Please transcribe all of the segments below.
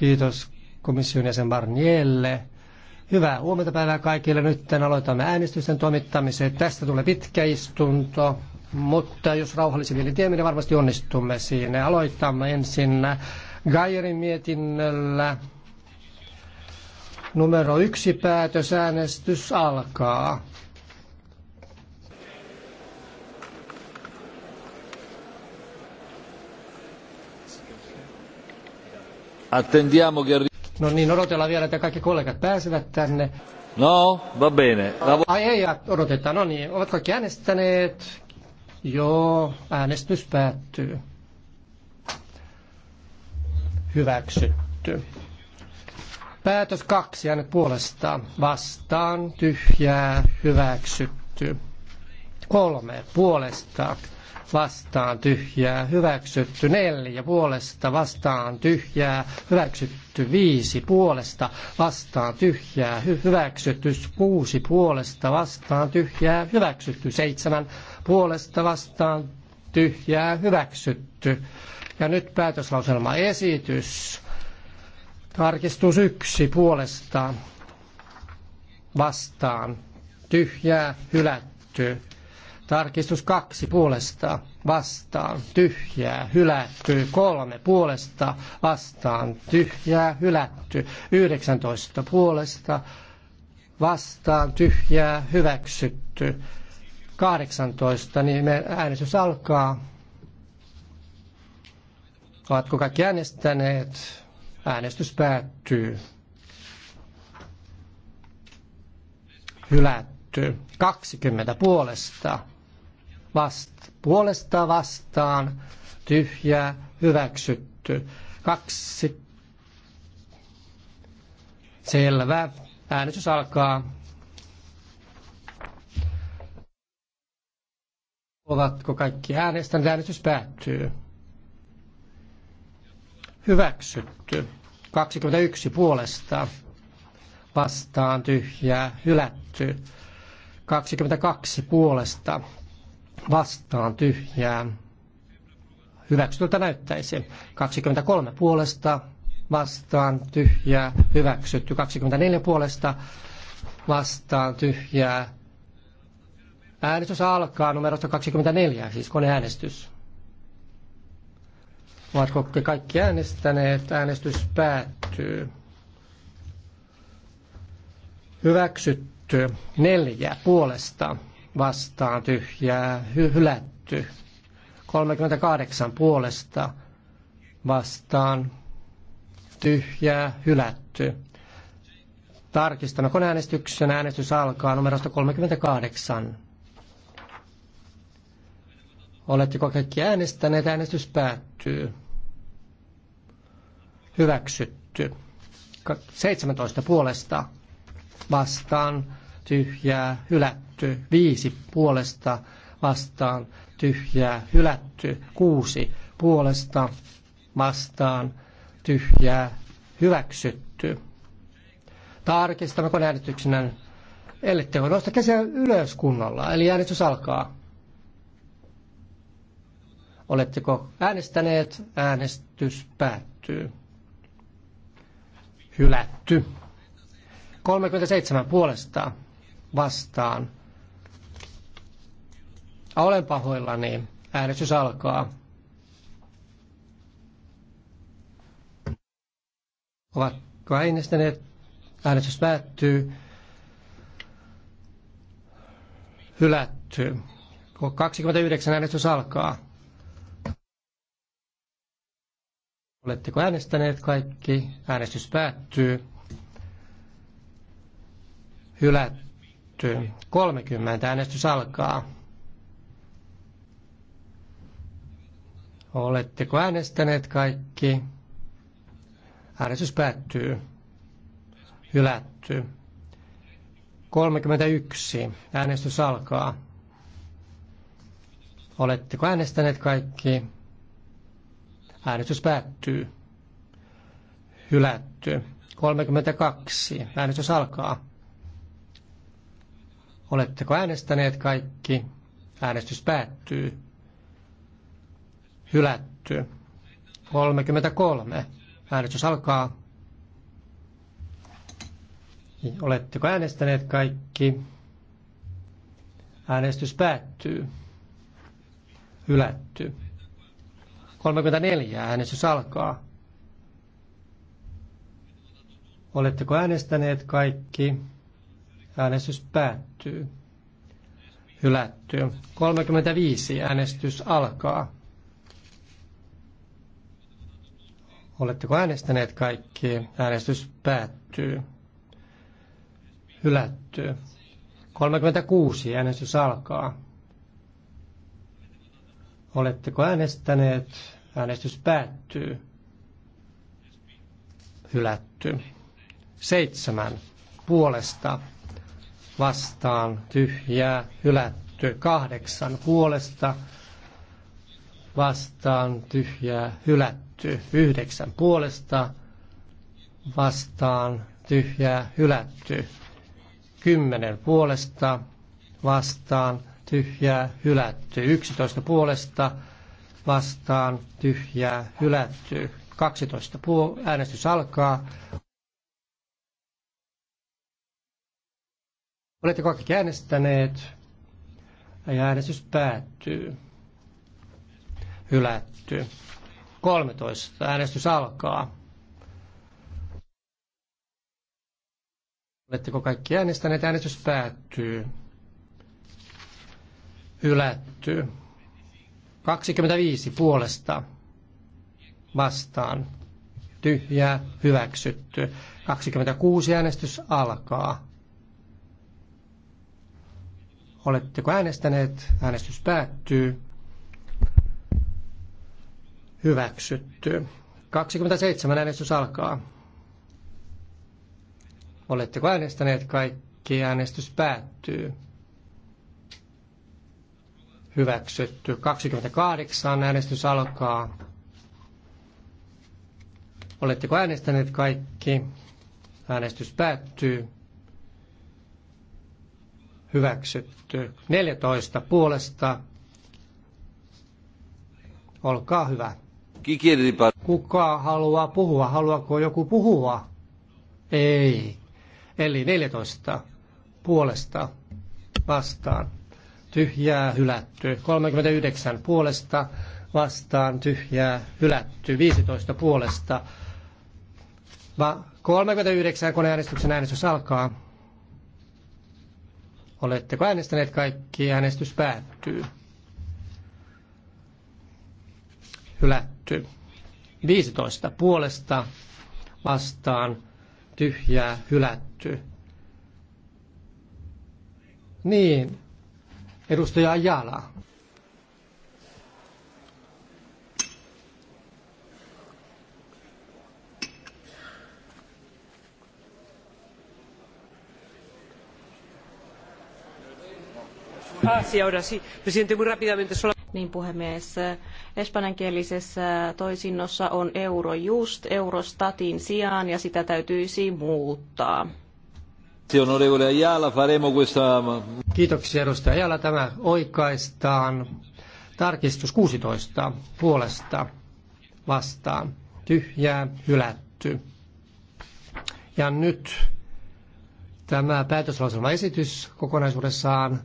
Kiitos komission jäsen Barnielle. Hyvää huomenta päivää kaikille. Nyt aloitamme äänestysten toimittamiseen. Tästä tulee pitkä istunto, mutta jos rauhallisin mielin tiemme, niin varmasti onnistumme siinä. Aloitamme ensin Gairin mietinnöllä. Numero yksi päätösäänestys alkaa. Attendiamo che No niin, odotellaan vielä, että kaikki kollegat pääsevät tänne. No, va bene. La... Ai ei, odotetaan. No niin, ovat kaikki äänestäneet? Joo, äänestys päättyy. Hyväksytty. Päätös kaksi äänet puolesta. Vastaan, tyhjää, hyväksytty. Kolme puolesta vastaan tyhjää, hyväksytty neljä puolesta vastaan tyhjää, hyväksytty viisi puolesta vastaan tyhjää, hy- hyväksytty kuusi puolesta vastaan tyhjää, hyväksytty seitsemän puolesta vastaan tyhjää, hyväksytty. Ja nyt päätöslauselma esitys. Tarkistus yksi puolesta vastaan tyhjää, hylätty. Tarkistus kaksi puolesta vastaan tyhjää hylätty. Kolme puolesta vastaan tyhjää hylätty. yhdeksäntoista puolesta vastaan tyhjää hyväksytty. kahdeksantoista niin me äänestys alkaa. Ovatko kaikki äänestäneet? Äänestys päättyy. Hylätty. 20 puolesta vast, puolesta vastaan tyhjää hyväksytty. Kaksi. Selvä. Äänestys alkaa. Ovatko kaikki äänestäneet? Äänestys päättyy. Hyväksytty. 21 puolesta. Vastaan tyhjää. Hylätty. 22 puolesta vastaan tyhjää. Hyväksytyltä näyttäisi. 23 puolesta vastaan tyhjää. Hyväksytty. 24 puolesta vastaan tyhjää. Äänestys alkaa numerosta 24, siis koneäänestys. Ovatko kaikki äänestäneet? Äänestys päättyy. Hyväksytty. Neljä puolesta vastaan tyhjää hylätty. 38 puolesta vastaan tyhjää hylätty. Tarkistan, koneäänestyksen. äänestys alkaa numerosta 38. Oletteko kaikki äänestäneet? Äänestys päättyy. Hyväksytty. 17 puolesta vastaan tyhjää, hylätty. Viisi puolesta vastaan, tyhjää, hylätty. Kuusi puolesta vastaan, tyhjää, hyväksytty. Tarkistamme äänestyksenä, ellette voi nostaa käsiä ylös kunnolla, eli äänestys alkaa. Oletteko äänestäneet? Äänestys päättyy. Hylätty. 37 puolestaan vastaan. Olen pahoillani. Äänestys alkaa. Ovatko äänestäneet? Äänestys päättyy. Hylätty. 29 äänestys alkaa. Oletteko äänestäneet kaikki? Äänestys päättyy. Hylätty hyväksytty. 30. Äänestys alkaa. Oletteko äänestäneet kaikki? Äänestys päättyy. Hylätty. 31. Äänestys alkaa. Oletteko äänestäneet kaikki? Äänestys päättyy. Hylätty. 32. Äänestys alkaa. Oletteko äänestäneet kaikki? Äänestys päättyy. Hylätty. 33. Äänestys alkaa. Oletteko äänestäneet kaikki? Äänestys päättyy. Hylätty. 34. Äänestys alkaa. Oletteko äänestäneet kaikki? Äänestys päättyy. Hylätty. 35. Äänestys alkaa. Oletteko äänestäneet kaikki? Äänestys päättyy. Hylätty. 36. Äänestys alkaa. Oletteko äänestäneet? Äänestys päättyy. Hylätty. Seitsemän. Puolesta vastaan tyhjää hylätty. Kahdeksan puolesta vastaan tyhjää hylätty. Yhdeksän puolesta vastaan tyhjää hylätty. Kymmenen puolesta vastaan tyhjää hylätty. Yksitoista puolesta vastaan tyhjää hylätty. 12 äänestys alkaa. Oletteko kaikki äänestäneet? Ja äänestys päättyy. Hylätty. 13. Äänestys alkaa. Oletteko kaikki äänestäneet? Äänestys päättyy. Hylätty. 25 puolesta vastaan. Tyhjää hyväksytty. 26 äänestys alkaa. Oletteko äänestäneet? Äänestys päättyy. Hyväksytty. 27 äänestys alkaa. Oletteko äänestäneet kaikki? Äänestys päättyy. Hyväksytty. 28 äänestys alkaa. Oletteko äänestäneet kaikki? Äänestys päättyy hyväksytty. 14 puolesta. Olkaa hyvä. Kuka haluaa puhua? Haluaako joku puhua? Ei. Eli 14 puolesta vastaan. Tyhjää hylätty. 39 puolesta vastaan. Tyhjää hylätty. 15 puolesta. Va- 39 koneäänestyksen äänestys alkaa. Oletteko äänestäneet kaikki? Äänestys päättyy. Hylätty. 15 puolesta vastaan tyhjää hylätty. Niin, edustaja Jala. Niin puhemies. Espanjankielisessä toisinnossa on Eurojust Eurostatin sijaan ja sitä täytyisi muuttaa. Kiitoksia edustaja Ajala. Tämä oikaistaan. Tarkistus 16 puolesta vastaan. Tyhjää hylätty. Ja nyt tämä päätöslauselmaesitys kokonaisuudessaan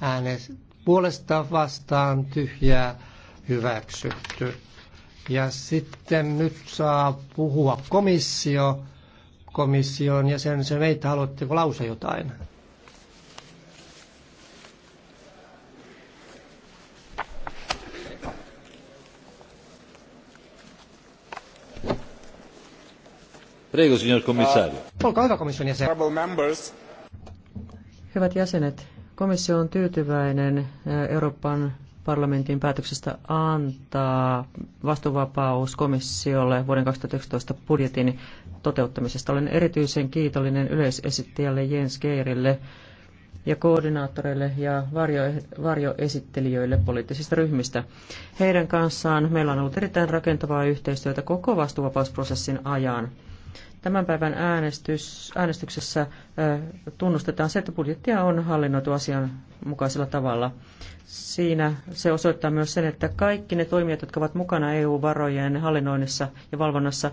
äänet puolesta vastaan tyhjää hyväksytty. Ja sitten nyt saa puhua komissio, komission jäsen meitä haluatteko lausua jotain? Prego, signor commissario. Olkaa hyvä komission jäsen. Hyvät jäsenet, Komissio on tyytyväinen Euroopan parlamentin päätöksestä antaa vastuuvapaus komissiolle vuoden 2019 budjetin toteuttamisesta. Olen erityisen kiitollinen yleisesittäjälle Jens Geirille ja koordinaattoreille ja varjo, varjoesittelijöille poliittisista ryhmistä. Heidän kanssaan meillä on ollut erittäin rakentavaa yhteistyötä koko vastuuvapausprosessin ajan. Tämän päivän äänestys, äänestyksessä tunnustetaan se, että budjettia on hallinnoitu asianmukaisella tavalla. Siinä se osoittaa myös sen, että kaikki ne toimijat, jotka ovat mukana EU-varojen hallinnoinnissa ja valvonnassa,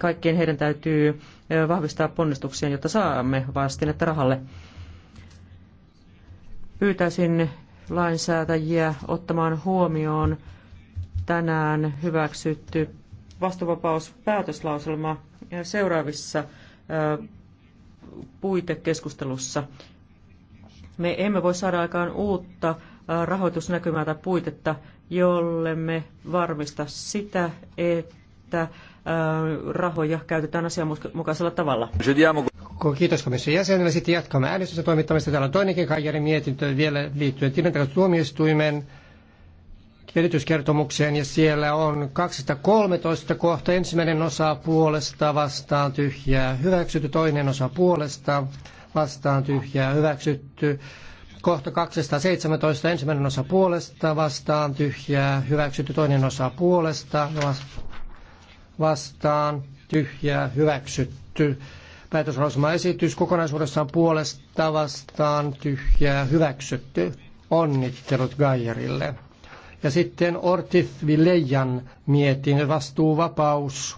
kaikkien heidän täytyy vahvistaa ponnistuksia, jotta saamme vastinetta rahalle. Pyytäisin lainsäätäjiä ottamaan huomioon tänään hyväksytty vastuvapauspäätöslauselma seuraavissa puitekeskustelussa. Me emme voi saada aikaan uutta rahoitusnäkymää tai puitetta, jolle me varmista sitä, että rahoja käytetään asianmukaisella tavalla. Kiitos komission jäsenelle. Sitten jatkamme äänestyksen toimittamista. Täällä on toinenkin Kajarin mietintö vielä liittyen tuomioistuimeen erityiskertomukseen ja siellä on 213 kohta. Ensimmäinen osa puolesta vastaan tyhjää hyväksytty, toinen osa puolesta vastaan tyhjää hyväksytty. Kohta 217, ensimmäinen osa puolesta vastaan tyhjää hyväksytty, toinen osa puolesta vastaan tyhjää hyväksytty. Päätöslausumaesitys kokonaisuudessaan puolesta vastaan tyhjää hyväksytty. Onnittelut Gaijerille. Ja sitten Ortith Villejan mietin vastuuvapaus.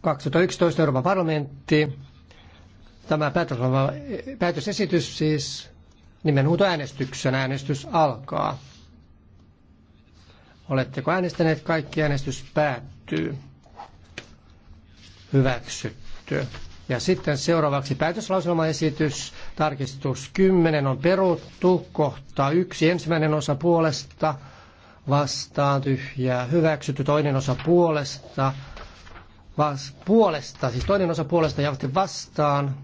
2011 Euroopan parlamentti. Tämä päätösesitys siis äänestyksen äänestys alkaa. Oletteko äänestäneet? Kaikki äänestys päättyy. Hyväksytty. Ja sitten seuraavaksi päätöslauselmaesitys, tarkistus 10 on peruttu, kohta yksi ensimmäinen osa puolesta, vastaan tyhjää, hyväksytty toinen osa puolesta, vas, puolesta, siis toinen osa puolesta ja vastaan,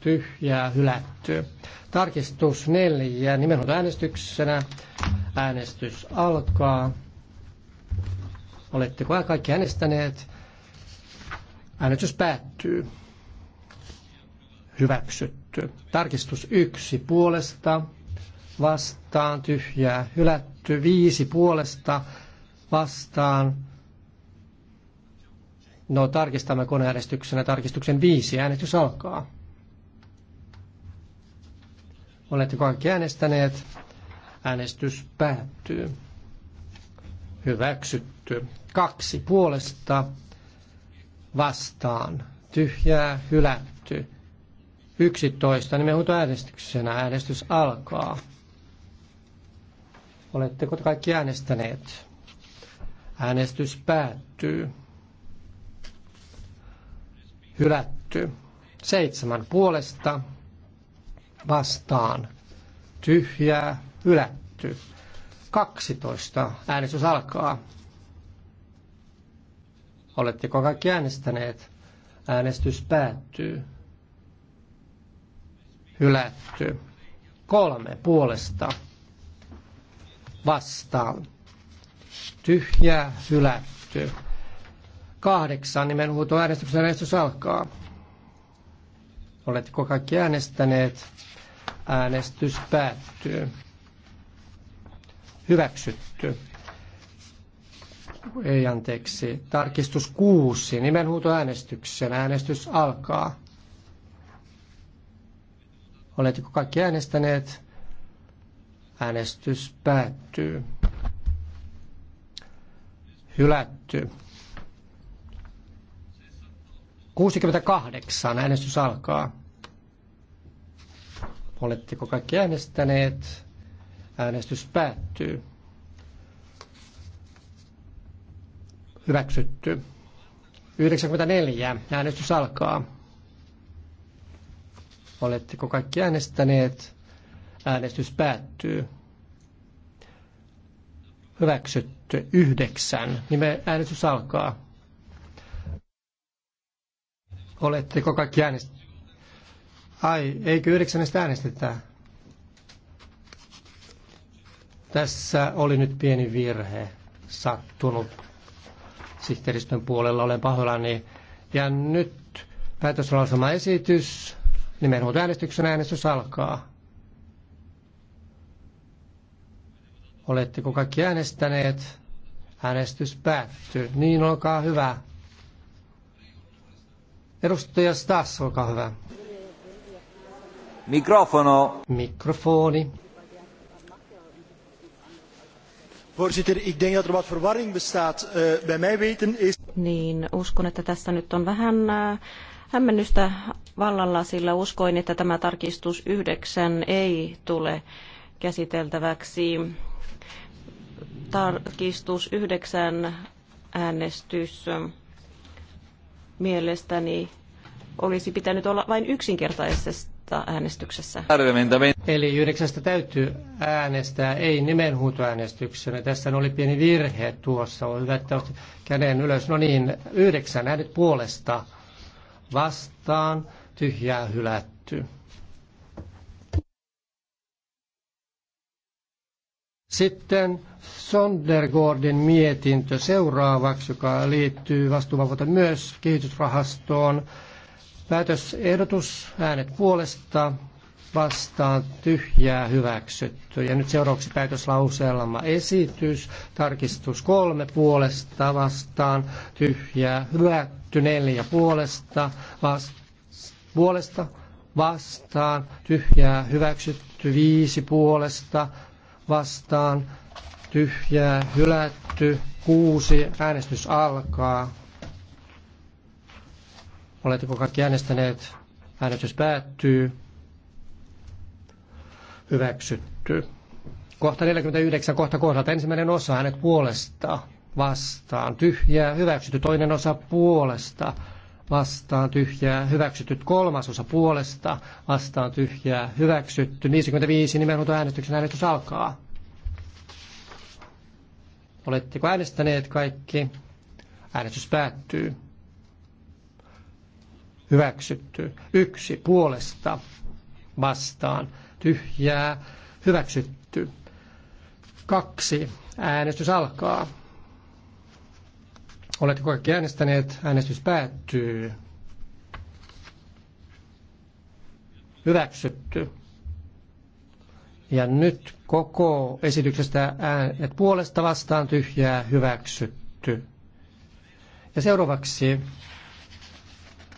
tyhjää, hylätty. Tarkistus neljä, nimenomaan äänestyksenä, äänestys alkaa. Oletteko kaikki äänestäneet? Äänestys päättyy. Hyväksytty. Tarkistus yksi puolesta, vastaan, tyhjää, hylätty. Viisi puolesta, vastaan. No tarkistamme koneäänestyksenä tarkistuksen viisi. Äänestys alkaa. Olette kaikki äänestäneet. Äänestys päättyy. Hyväksytty. Kaksi puolesta, vastaan, tyhjää hylätty. 11 äänestyksenä äänestys alkaa. Oletteko te kaikki äänestäneet? Äänestys päättyy. Hylätty. Seitsemän puolesta vastaan. Tyhjää, hylätty. 12. Äänestys alkaa. Oletteko kaikki äänestäneet? Äänestys päättyy. Hylätty. Kolme puolesta. Vastaan. Tyhjää hylätty. Kahdeksan nimenhuuto äänestyksen äänestys alkaa. Oletteko kaikki äänestäneet? Äänestys päättyy. Hyväksytty ei anteeksi, tarkistus kuusi, nimenhuutoäänestyksen äänestys alkaa. Oletteko kaikki äänestäneet? Äänestys päättyy. Hylätty. 68. Äänestys alkaa. Oletteko kaikki äänestäneet? Äänestys päättyy. Hyväksytty. 94. Äänestys alkaa. Oletteko kaikki äänestäneet? Äänestys päättyy. Hyväksytty. 9. Nime äänestys alkaa. Oletteko kaikki äänestäneet? Ai, eikö yhdeksännestä äänestetä? Tässä oli nyt pieni virhe sattunut sihteeristön puolella. Olen pahoillani. Ja nyt päätöslausuma esitys. nimenomaan äänestyksen äänestys alkaa. Oletteko kaikki äänestäneet? Äänestys päättyy. Niin, olkaa hyvä. Edustaja Stas, olkaa hyvä. Mikrofono. Mikrofoni. Voorzitter, ik denk dat er wat verwarring bestaat. Eh, bij mijn weten is... Niin, uskon, että tässä nyt on vähän eh, hämmennystä vallalla, sillä uskoin, että tämä tarkistus yhdeksän ei tule käsiteltäväksi. Tarkistus yhdeksän äänestys mielestäni olisi pitänyt olla vain yksinkertaisesti huomiota äänestyksessä. Eli yhdeksästä täytyy äänestää, ei nimenhuutoäänestyksenä. Tässä oli pieni virhe tuossa. On hyvä, että käden ylös. No niin, yhdeksän äänet puolesta vastaan, tyhjää hylätty. Sitten Sondergordin mietintö seuraavaksi, joka liittyy vastuuvapautta myös kehitysrahastoon. Päätösehdotus äänet puolesta vastaan tyhjää hyväksytty. Ja nyt seuraavaksi päätöslauselma esitys, tarkistus kolme puolesta vastaan tyhjää hyvätty neljä puolesta, vas, puolesta vastaan tyhjää hyväksytty viisi puolesta vastaan tyhjää hylätty kuusi äänestys alkaa. Oletteko kaikki äänestäneet? Äänestys päättyy. Hyväksytty. Kohta 49, kohta kohdalta. Ensimmäinen osa hänet puolesta vastaan. Tyhjää, hyväksytty. Toinen osa puolesta vastaan tyhjää, hyväksytty kolmas osa puolesta, vastaan tyhjää, hyväksytty 55, nimenhuuto äänestyksen äänestys alkaa. Oletteko äänestäneet kaikki? Äänestys päättyy hyväksytty. Yksi puolesta vastaan tyhjää hyväksytty. Kaksi. Äänestys alkaa. Olette kaikki äänestäneet? Äänestys päättyy. Hyväksytty. Ja nyt koko esityksestä äänet puolesta vastaan tyhjää hyväksytty. Ja seuraavaksi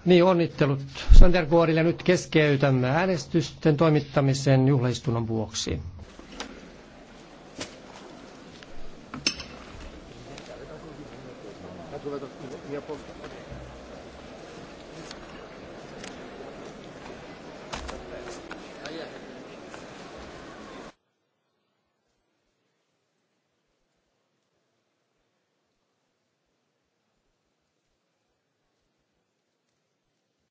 niin, onnittelut Sander Kuorille. Nyt keskeytämme äänestysten toimittamisen juhlaistunnon vuoksi.